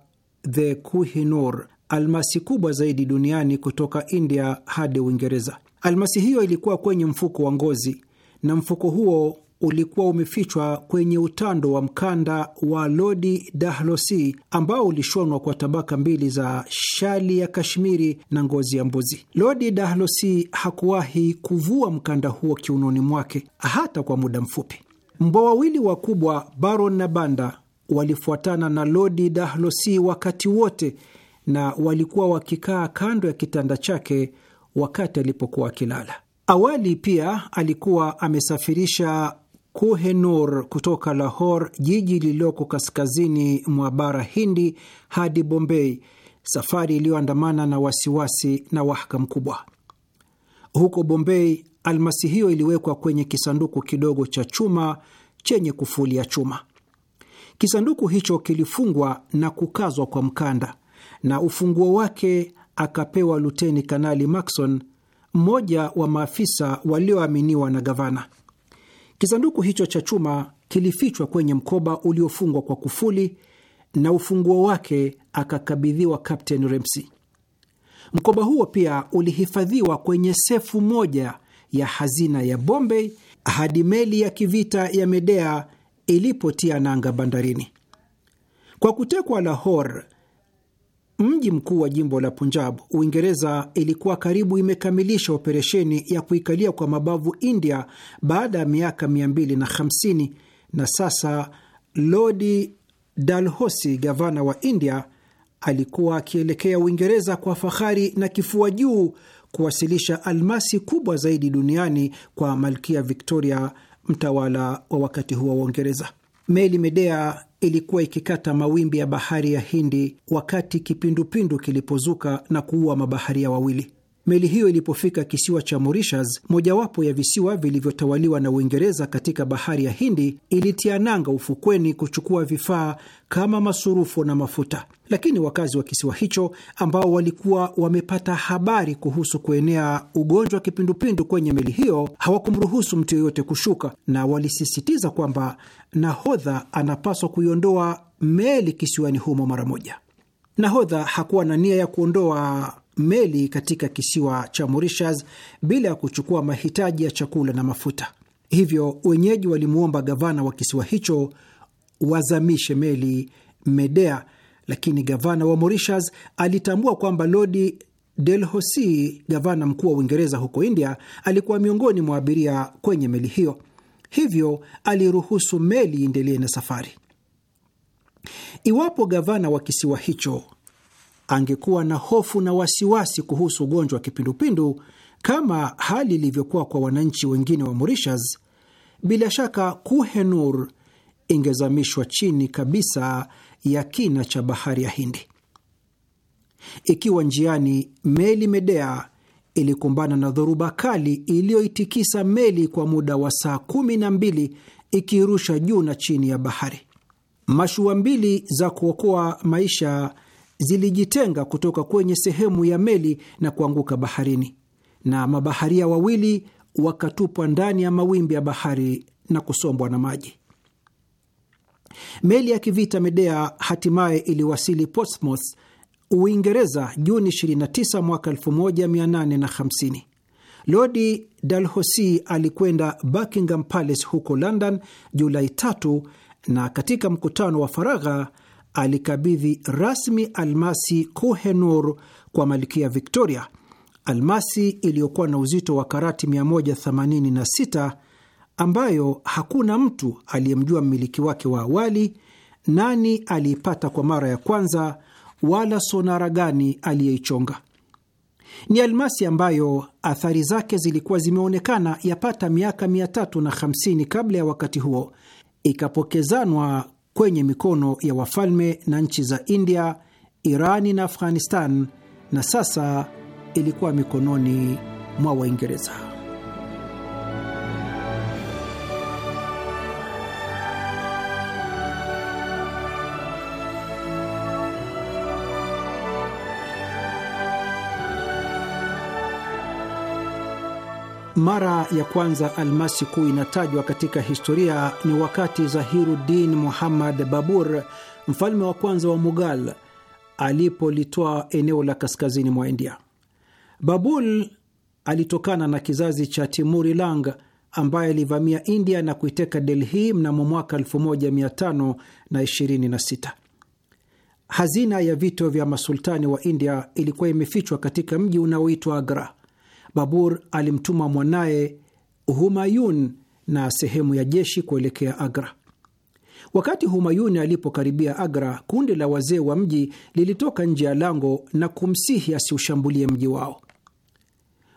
the Kuhinur, almasi kubwa zaidi duniani kutoka India hadi Uingereza. Almasi hiyo ilikuwa kwenye mfuko wa ngozi na mfuko huo ulikuwa umefichwa kwenye utando wa mkanda wa Lodi Dahlosi ambao ulishonwa kwa tabaka mbili za shali ya Kashmiri na ngozi ya mbuzi. Lodi Dahlosi hakuwahi kuvua mkanda huo kiunoni mwake hata kwa muda mfupi. Mbwa wawili wakubwa Baron na Banda walifuatana na Lodi Dahlosi wakati wote na walikuwa wakikaa kando ya kitanda chake wakati alipokuwa akilala. Awali pia alikuwa amesafirisha Kohinoor kutoka Lahore, jiji lililoko kaskazini mwa bara Hindi, hadi Bombei, safari iliyoandamana na wasiwasi na wahaka mkubwa. Huko Bombei, almasi hiyo iliwekwa kwenye kisanduku kidogo cha chuma chenye kufuli ya chuma. Kisanduku hicho kilifungwa na kukazwa kwa mkanda, na ufunguo wake akapewa Luteni Kanali Maxon, mmoja wa maafisa walioaminiwa na gavana. Kisanduku hicho cha chuma kilifichwa kwenye mkoba uliofungwa kwa kufuli na ufunguo wake akakabidhiwa Kapteni Ramsey. Mkoba huo pia ulihifadhiwa kwenye sefu moja ya hazina ya Bombay hadi meli ya kivita ya Medea ilipotia nanga bandarini. Kwa kutekwa Lahore, mji mkuu wa jimbo la Punjab, Uingereza ilikuwa karibu imekamilisha operesheni ya kuikalia kwa mabavu India baada ya miaka 250 na sasa Lodi Dalhosi, gavana wa India, alikuwa akielekea Uingereza kwa fahari na kifua juu kuwasilisha almasi kubwa zaidi duniani kwa malkia Victoria, mtawala wa wakati huo wa Uingereza. Meli Medea ilikuwa ikikata mawimbi ya bahari ya Hindi wakati kipindupindu kilipozuka na kuua mabaharia wawili. Meli hiyo ilipofika kisiwa cha Morishas, mojawapo ya visiwa vilivyotawaliwa na Uingereza katika bahari ya Hindi, ilitia nanga ufukweni kuchukua vifaa kama masurufu na mafuta. Lakini wakazi wa kisiwa hicho ambao walikuwa wamepata habari kuhusu kuenea ugonjwa wa kipindupindu kwenye meli hiyo hawakumruhusu mtu yeyote kushuka, na walisisitiza kwamba nahodha anapaswa kuiondoa meli kisiwani humo mara moja. Nahodha hakuwa na nia ya kuondoa meli katika kisiwa cha Mauritius bila ya kuchukua mahitaji ya chakula na mafuta. Hivyo wenyeji walimwomba gavana wa kisiwa hicho wazamishe meli Medea, lakini gavana wa Mauritius alitambua kwamba Lodi Delhosi, gavana mkuu wa Uingereza huko India, alikuwa miongoni mwa abiria kwenye meli hiyo, hivyo aliruhusu meli iendelee na safari. Iwapo gavana wa kisiwa hicho angekuwa na hofu na wasiwasi kuhusu ugonjwa wa kipindupindu kama hali ilivyokuwa kwa wananchi wengine wa Mauritius, bila shaka Kuhenur ingezamishwa chini kabisa ya kina cha bahari ya Hindi. Ikiwa njiani, meli Medea ilikumbana na dhoruba kali iliyoitikisa meli kwa muda wa saa kumi na mbili ikirusha juu na chini ya bahari. Mashua mbili za kuokoa maisha zilijitenga kutoka kwenye sehemu ya meli na kuanguka baharini, na mabaharia wawili wakatupwa ndani ya mawimbi ya bahari na kusombwa na maji. Meli ya kivita Medea hatimaye iliwasili Portsmouth, Uingereza, Juni 29 mwaka 1850. Lodi Dalhousie alikwenda Buckingham Palace huko London Julai 3, na katika mkutano wa faragha alikabidhi rasmi almasi Kohenur kwa malkia Victoria, almasi iliyokuwa na uzito wa karati 186 ambayo hakuna mtu aliyemjua mmiliki wake wa awali, nani aliipata kwa mara ya kwanza, wala sonara gani aliyeichonga. Ni almasi ambayo athari zake zilikuwa zimeonekana yapata miaka 350 kabla ya wakati huo, ikapokezanwa kwenye mikono ya wafalme na nchi za India, Irani na Afghanistan, na sasa ilikuwa mikononi mwa Waingereza. Mara ya kwanza almasi kuu inatajwa katika historia ni wakati Zahiruddin Muhammad Babur, mfalme wa kwanza wa Mughal, alipolitoa eneo la kaskazini mwa India. Babul alitokana na kizazi cha Timuri Lang ambaye alivamia India na kuiteka Delhi mnamo mwaka 1526. Hazina ya vito vya masultani wa India ilikuwa imefichwa katika mji unaoitwa Agra. Babur alimtuma mwanaye Humayun na sehemu ya jeshi kuelekea Agra. Wakati Humayun alipokaribia Agra, kundi la wazee wa mji lilitoka nje ya lango na kumsihi asiushambulie mji wao.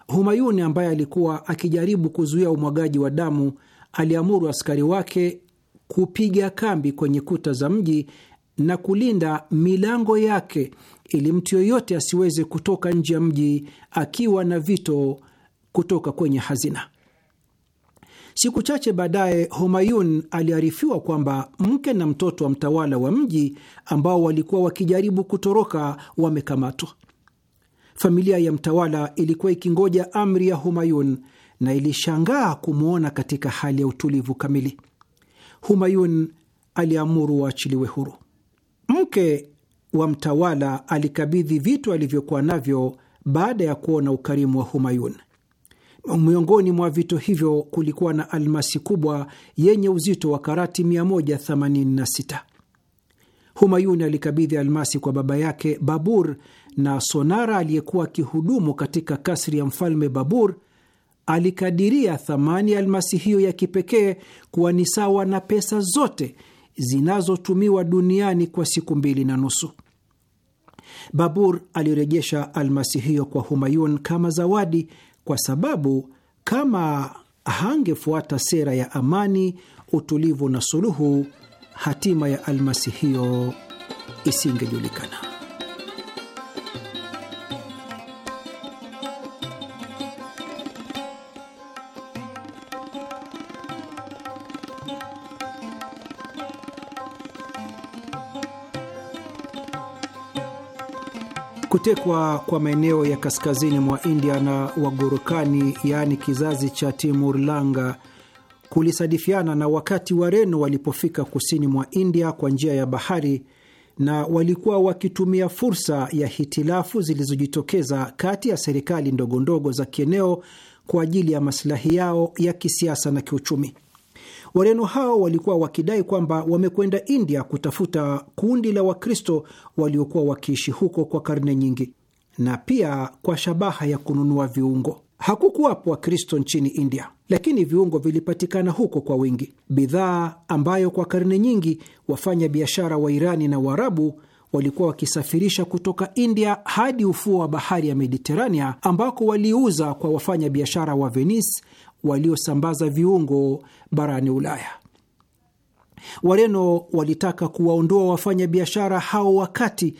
Humayun ambaye alikuwa akijaribu kuzuia umwagaji wa damu aliamuru askari wake kupiga kambi kwenye kuta za mji na kulinda milango yake ili mtu yoyote asiweze kutoka nje ya mji akiwa na vito kutoka kwenye hazina. Siku chache baadaye, Homayun aliarifiwa kwamba mke na mtoto wa mtawala wa mji ambao walikuwa wakijaribu kutoroka wamekamatwa. Familia ya mtawala ilikuwa ikingoja amri ya Humayun na ilishangaa kumwona katika hali ya utulivu kamili. Humayun aliamuru waachiliwe huru. Mke wa mtawala alikabidhi vitu alivyokuwa navyo baada ya kuona ukarimu wa Humayun. Miongoni mwa vitu hivyo kulikuwa na almasi kubwa yenye uzito wa karati 186. Humayun alikabidhi almasi kwa baba yake Babur, na sonara aliyekuwa akihudumu katika kasri ya mfalme Babur alikadiria thamani ya almasi hiyo ya kipekee kuwa ni sawa na pesa zote zinazotumiwa duniani kwa siku mbili na nusu. Babur alirejesha almasi hiyo kwa Humayun kama zawadi, kwa sababu kama hangefuata sera ya amani, utulivu na suluhu, hatima ya almasi hiyo isingejulikana. Kutekwa kwa maeneo ya kaskazini mwa India na Wagorokani, yaani kizazi cha Timur Langa, kulisadifiana na wakati Wareno walipofika kusini mwa India kwa njia ya bahari, na walikuwa wakitumia fursa ya hitilafu zilizojitokeza kati ya serikali ndogo ndogo za kieneo kwa ajili ya masilahi yao ya kisiasa na kiuchumi. Wareno hao walikuwa wakidai kwamba wamekwenda India kutafuta kundi la Wakristo waliokuwa wakiishi huko kwa karne nyingi na pia kwa shabaha ya kununua viungo. Hakukuwapo Wakristo nchini India, lakini viungo vilipatikana huko kwa wingi, bidhaa ambayo kwa karne nyingi wafanya biashara wa Irani na Waarabu walikuwa wakisafirisha kutoka India hadi ufuo wa bahari ya Mediterania, ambako waliuza kwa wafanyabiashara wa Venice, waliosambaza viungo barani Ulaya. Wareno walitaka kuwaondoa wafanya biashara hao wakati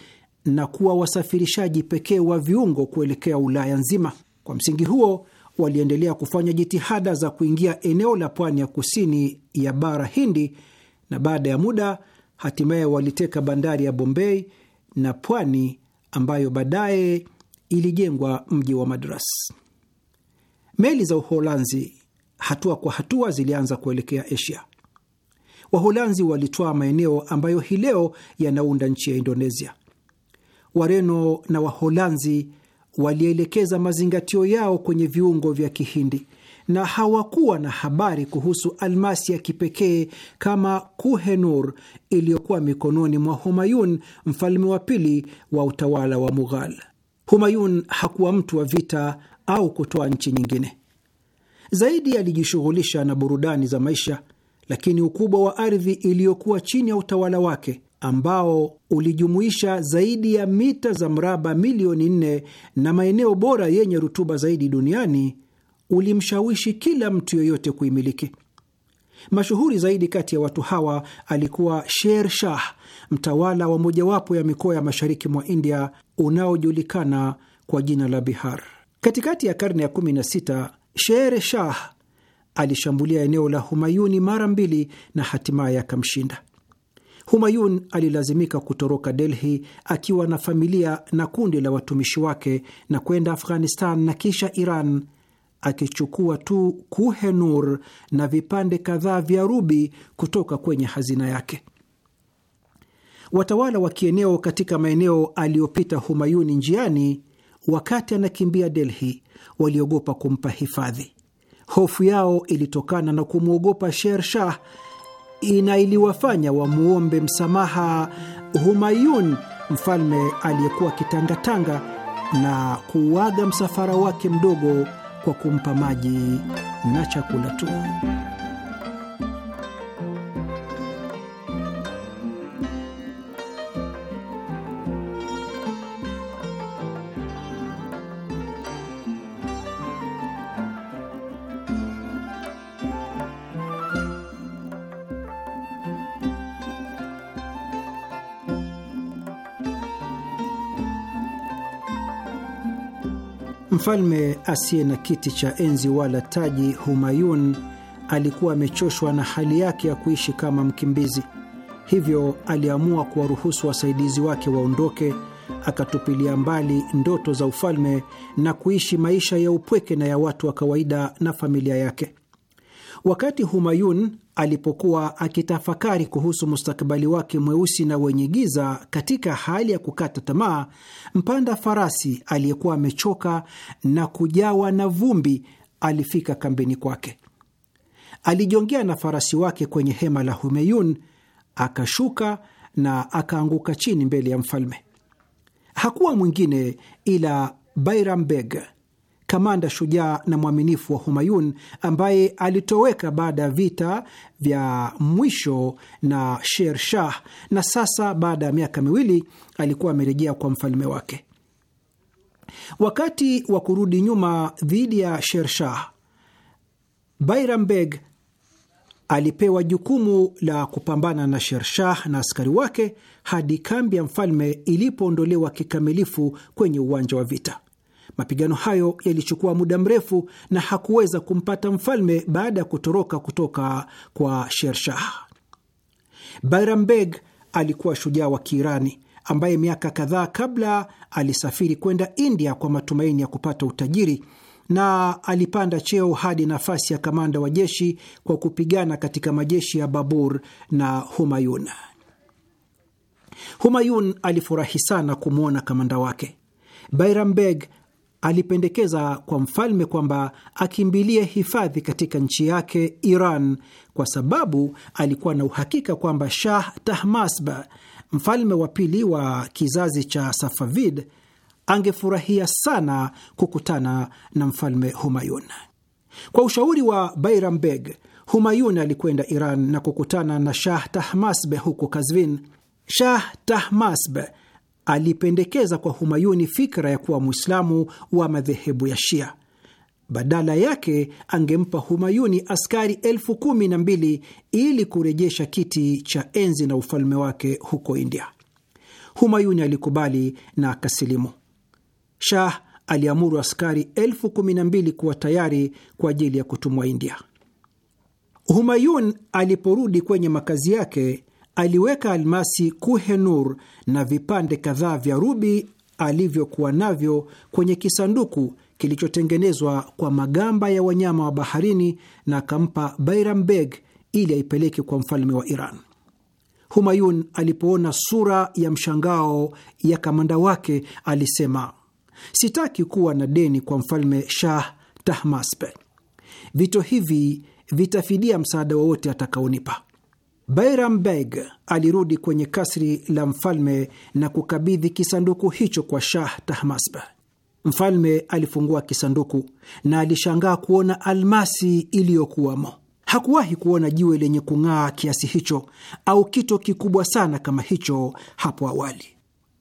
na kuwa wasafirishaji pekee wa viungo kuelekea Ulaya nzima. Kwa msingi huo, waliendelea kufanya jitihada za kuingia eneo la pwani ya kusini ya bara Hindi, na baada ya muda hatimaye waliteka bandari ya bombei na pwani ambayo baadaye ilijengwa mji wa Madras. Meli za Uholanzi hatua kwa hatua zilianza kuelekea Asia. Waholanzi walitwaa maeneo ambayo hii leo yanaunda nchi ya Indonesia. Wareno na Waholanzi walielekeza mazingatio yao kwenye viungo vya Kihindi na hawakuwa na habari kuhusu almasi ya kipekee kama Kuhenur iliyokuwa mikononi mwa Humayun, mfalme wa pili wa utawala wa Mughal. Humayun hakuwa mtu wa vita au kutoa nchi nyingine. Zaidi alijishughulisha na burudani za maisha, lakini ukubwa wa ardhi iliyokuwa chini ya utawala wake ambao ulijumuisha zaidi ya mita za mraba milioni nne na maeneo bora yenye rutuba zaidi duniani ulimshawishi kila mtu yoyote kuimiliki. Mashuhuri zaidi kati ya watu hawa alikuwa Sher Shah, mtawala wa mojawapo ya mikoa ya mashariki mwa India unaojulikana kwa jina la Bihar. Katikati ya karne ya 16 Shere Shah alishambulia eneo la Humayuni mara mbili na hatimaye akamshinda. Humayun alilazimika kutoroka Delhi akiwa na familia na kundi la watumishi wake na kwenda Afghanistan na kisha Iran, akichukua tu Kuhenur na vipande kadhaa vya rubi kutoka kwenye hazina yake. Watawala wa kieneo katika maeneo aliyopita Humayuni njiani Wakati anakimbia Delhi, waliogopa kumpa hifadhi. Hofu yao ilitokana na kumwogopa Sher Shah na iliwafanya wamuombe msamaha Humayun, mfalme aliyekuwa akitangatanga na kuuaga msafara wake mdogo kwa kumpa maji na chakula tu. Mfalme asiye na kiti cha enzi wala taji, Humayun alikuwa amechoshwa na hali yake ya kuishi kama mkimbizi, hivyo aliamua kuwaruhusu wasaidizi wake waondoke, akatupilia mbali ndoto za ufalme na kuishi maisha ya upweke na ya watu wa kawaida na familia yake. Wakati Humayun alipokuwa akitafakari kuhusu mustakabali wake mweusi na wenye giza. Katika hali ya kukata tamaa, mpanda farasi aliyekuwa amechoka na kujawa na vumbi alifika kambini kwake. Alijongea na farasi wake kwenye hema la Humeyun, akashuka na akaanguka chini mbele ya mfalme. Hakuwa mwingine ila Bayram Beg, kamanda shujaa na mwaminifu wa Humayun ambaye alitoweka baada ya vita vya mwisho na Sher Shah, na sasa baada ya miaka miwili alikuwa amerejea kwa mfalme wake. Wakati wa kurudi nyuma dhidi ya Sher Shah, Bayram Beg alipewa jukumu la kupambana na Shershah na askari wake hadi kambi ya mfalme ilipoondolewa kikamilifu kwenye uwanja wa vita. Mapigano hayo yalichukua muda mrefu na hakuweza kumpata mfalme baada ya kutoroka kutoka kwa Shershah. Bayram Beg alikuwa shujaa wa Kiirani ambaye miaka kadhaa kabla alisafiri kwenda India kwa matumaini ya kupata utajiri na alipanda cheo hadi nafasi ya kamanda wa jeshi kwa kupigana katika majeshi ya Babur na Humayun. Humayun alifurahi sana kumwona kamanda wake. Bayram Beg alipendekeza kwa mfalme kwamba akimbilie hifadhi katika nchi yake Iran, kwa sababu alikuwa na uhakika kwamba Shah Tahmasb, mfalme wa pili wa kizazi cha Safavid, angefurahia sana kukutana na mfalme Humayun. Kwa ushauri wa bairambeg Beg, Humayun alikwenda Iran na kukutana na Shah tahmasb huko Kazvin. Shah tahmasb alipendekeza kwa Humayuni fikra ya kuwa Mwislamu wa madhehebu ya Shia. Badala yake angempa Humayuni askari elfu kumi na mbili ili kurejesha kiti cha enzi na ufalme wake huko India. Humayuni alikubali na akasilimu. Shah aliamuru askari elfu kumi na mbili kuwa tayari kwa ajili ya kutumwa India. Humayun aliporudi kwenye makazi yake aliweka almasi Kuhenur na vipande kadhaa vya rubi alivyokuwa navyo kwenye kisanduku kilichotengenezwa kwa magamba ya wanyama wa baharini na akampa Bairam Beg ili aipeleke kwa mfalme wa Iran. Humayun alipoona sura ya mshangao ya kamanda wake alisema, sitaki kuwa na deni kwa mfalme Shah Tahmaspe. Vito hivi vitafidia msaada wowote atakaonipa. Bairam Beg alirudi kwenye kasri la mfalme na kukabidhi kisanduku hicho kwa Shah Tahmasb. Mfalme alifungua kisanduku na alishangaa kuona almasi iliyokuwamo. Hakuwahi kuona jiwe lenye kung'aa kiasi hicho au kito kikubwa sana kama hicho hapo awali.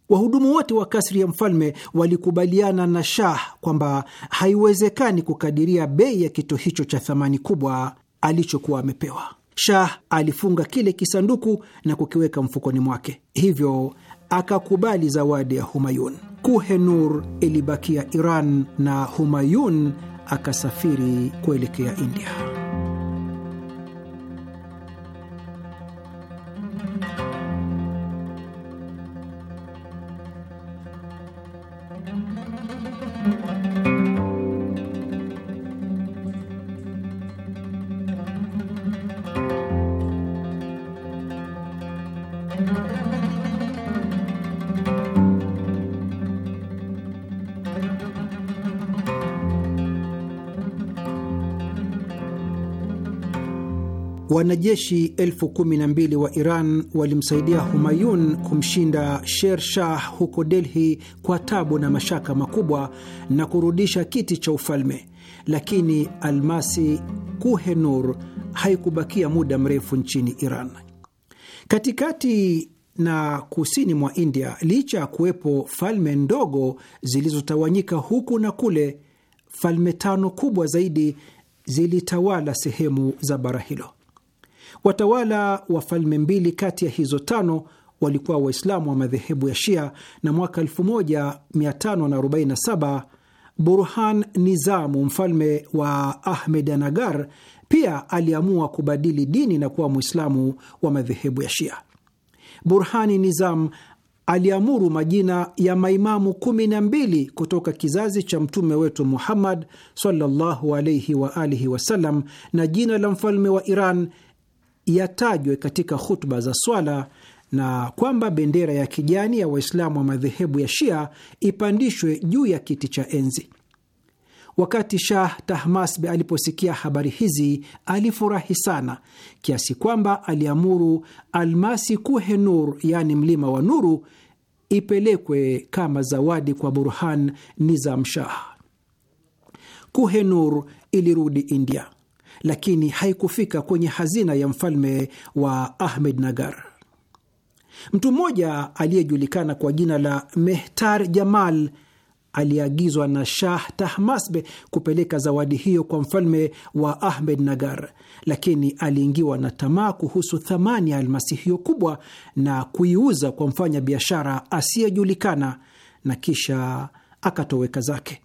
Wahudumu wote wa kasri ya mfalme walikubaliana na Shah kwamba haiwezekani kukadiria bei ya kito hicho cha thamani kubwa alichokuwa amepewa. Shah alifunga kile kisanduku na kukiweka mfukoni mwake, hivyo akakubali zawadi ya Humayun. Kuhenur ilibakia Iran na Humayun akasafiri kuelekea India. Wanajeshi elfu kumi na mbili wa Iran walimsaidia Humayun kumshinda Sher Shah huko Delhi kwa tabu na mashaka makubwa na kurudisha kiti cha ufalme, lakini almasi Kuhenur haikubakia muda mrefu nchini Iran. Katikati na kusini mwa India, licha ya kuwepo falme ndogo zilizotawanyika huku na kule, falme tano kubwa zaidi zilitawala sehemu za bara hilo. Watawala wa falme mbili kati ya hizo tano walikuwa Waislamu wa madhehebu ya Shia, na mwaka 1547 Burhan Nizamu, mfalme wa anagar pia aliamua kubadili dini na kuwa Mwislamu wa madhehebu ya Shia. Burhani Nizam aliamuru majina ya maimamu kumi na mbili kutoka kizazi cha mtume wetu Muhammad sallallahu alaihi wa alihi wasallam, na jina la mfalme wa Iran yatajwe katika hutuba za swala na kwamba bendera ya kijani ya Waislamu wa madhehebu ya Shia ipandishwe juu ya kiti cha enzi. Wakati Shah Tahmasb aliposikia habari hizi alifurahi sana kiasi kwamba aliamuru almasi Kuhe Nur, yaani mlima wa nuru, ipelekwe kama zawadi kwa Burhan Nizam Shah. Kuhe Nur ilirudi India lakini haikufika kwenye hazina ya mfalme wa ahmed nagar Mtu mmoja aliyejulikana kwa jina la Mehtar Jamal aliagizwa na Shah Tahmasbe kupeleka zawadi hiyo kwa mfalme wa ahmed nagar lakini aliingiwa na tamaa kuhusu thamani ya almasi hiyo kubwa na kuiuza kwa mfanya biashara asiyejulikana, na kisha akatoweka zake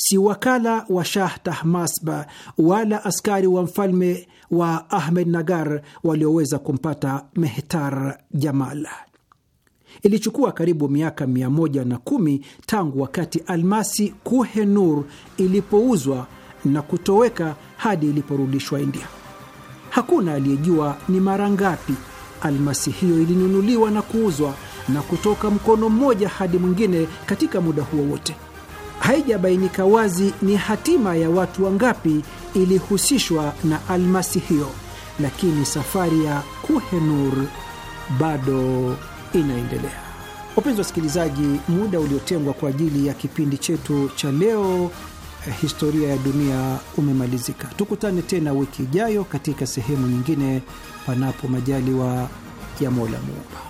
si wakala wa Shah Tahmasba wala askari wa mfalme wa Ahmed Nagar walioweza kumpata Mehtar Jamal. Ilichukua karibu miaka 11 tangu wakati almasi Kuhe Nur ilipouzwa na kutoweka hadi iliporudishwa India. Hakuna aliyejua ni mara ngapi almasi hiyo ilinunuliwa na kuuzwa na kutoka mkono mmoja hadi mwingine katika muda huo wote haijabainika wazi ni hatima ya watu wangapi ilihusishwa na almasi hiyo, lakini safari ya Kuhenur bado inaendelea. Wapenzi wasikilizaji, muda uliotengwa kwa ajili ya kipindi chetu cha leo eh, historia ya dunia umemalizika. Tukutane tena wiki ijayo katika sehemu nyingine, panapo majaliwa ya Mola Muumba.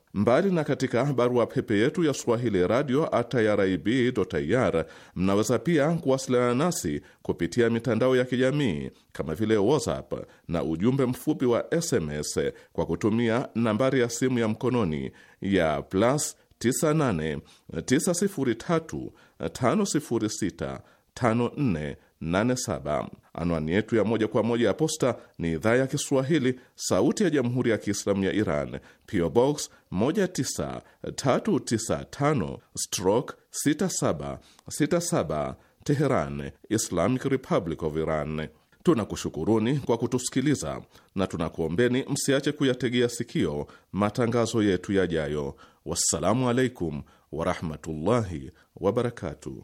Mbali na katika barua pepe yetu ya swahili radio at irib.ir, mnaweza pia kuwasiliana nasi kupitia mitandao ya kijamii kama vile WhatsApp na ujumbe mfupi wa SMS kwa kutumia nambari ya simu ya mkononi ya plus 98 903 506 Anwani yetu ya moja kwa moja ya posta ni idhaa ya Kiswahili, sauti ya jamhuri ya kiislamu ya Iran, PO Box 19395 stroke 6767 Teheran, Islamic Republic of Iran. Tunakushukuruni kwa kutusikiliza na tunakuombeni msiache kuyategea sikio matangazo yetu yajayo. Wassalamu alaikum warahmatullahi wabarakatuh.